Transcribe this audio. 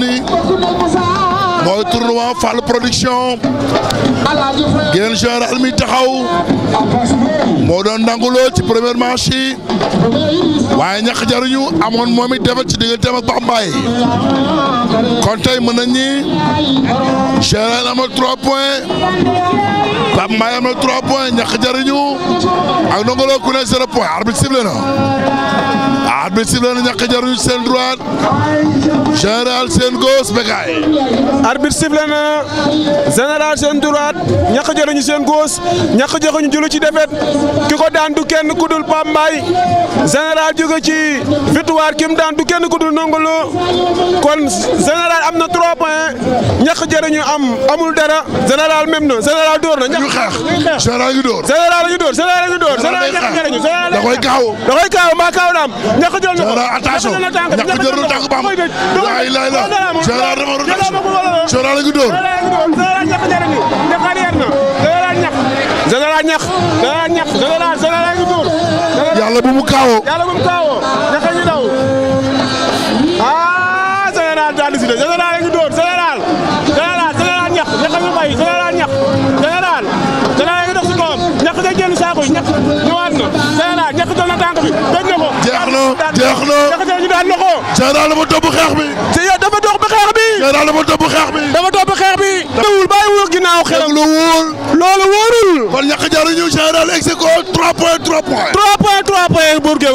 ni mooy tournoi Fall production geneen général mi taxaw moo doon nanguloo ci première manche yi waaye ñax jaruñu amoon moom it defet ci digganteem ak Bambaay kon tey mën nañ ñi général am na trois points Bambaay am na trois points ñax jaruñu ak nanguloo ku ne zéro point arbitre sifflé na arbitre sifflé na ñàkk jaruñu seen droite général seen gauche Bécaye arbitre sifflé na général seen droite ñàkk jaruñu seen gauche ñàkk joxuñu julu ci defet ki ko daan du kenn ku dul Pape Mbaye général ci victoire ki mu daan du kenn ku dul Ndongo kon général am na trois ñàkk jëriñu am amul dara général même na général door na. ñu xeex général ñu door. général ñu door général ñu door. général ñàkk jëriñu général da koy kaaw. da koy kaaw maa kaaw na am ñàkk jël na ko. général attention ñàkk jël na tànk ba am. laay laay la général dama doon action général ñu door. général ñàkk jëriñu def arrière na général ñàkk. général ñàkk général ñàkk général général ñu door. yàlla bu mu kaawoo yàlla bu mu kaawoo ñàkk ñu daw ah général daal di si de général ñu door jeex na jaxase ñu daan na ko. général dafa topp xeex bi. si yow dafa topp xeex bi. général dafa topp xeex bi. dafa topp xeex bi. teewul bàyyiwul ginnaaw xelam. lu wóor. loolu wóorul. kon ñàkk jaruñu général execo 3 point 3 point. 3 point 3 point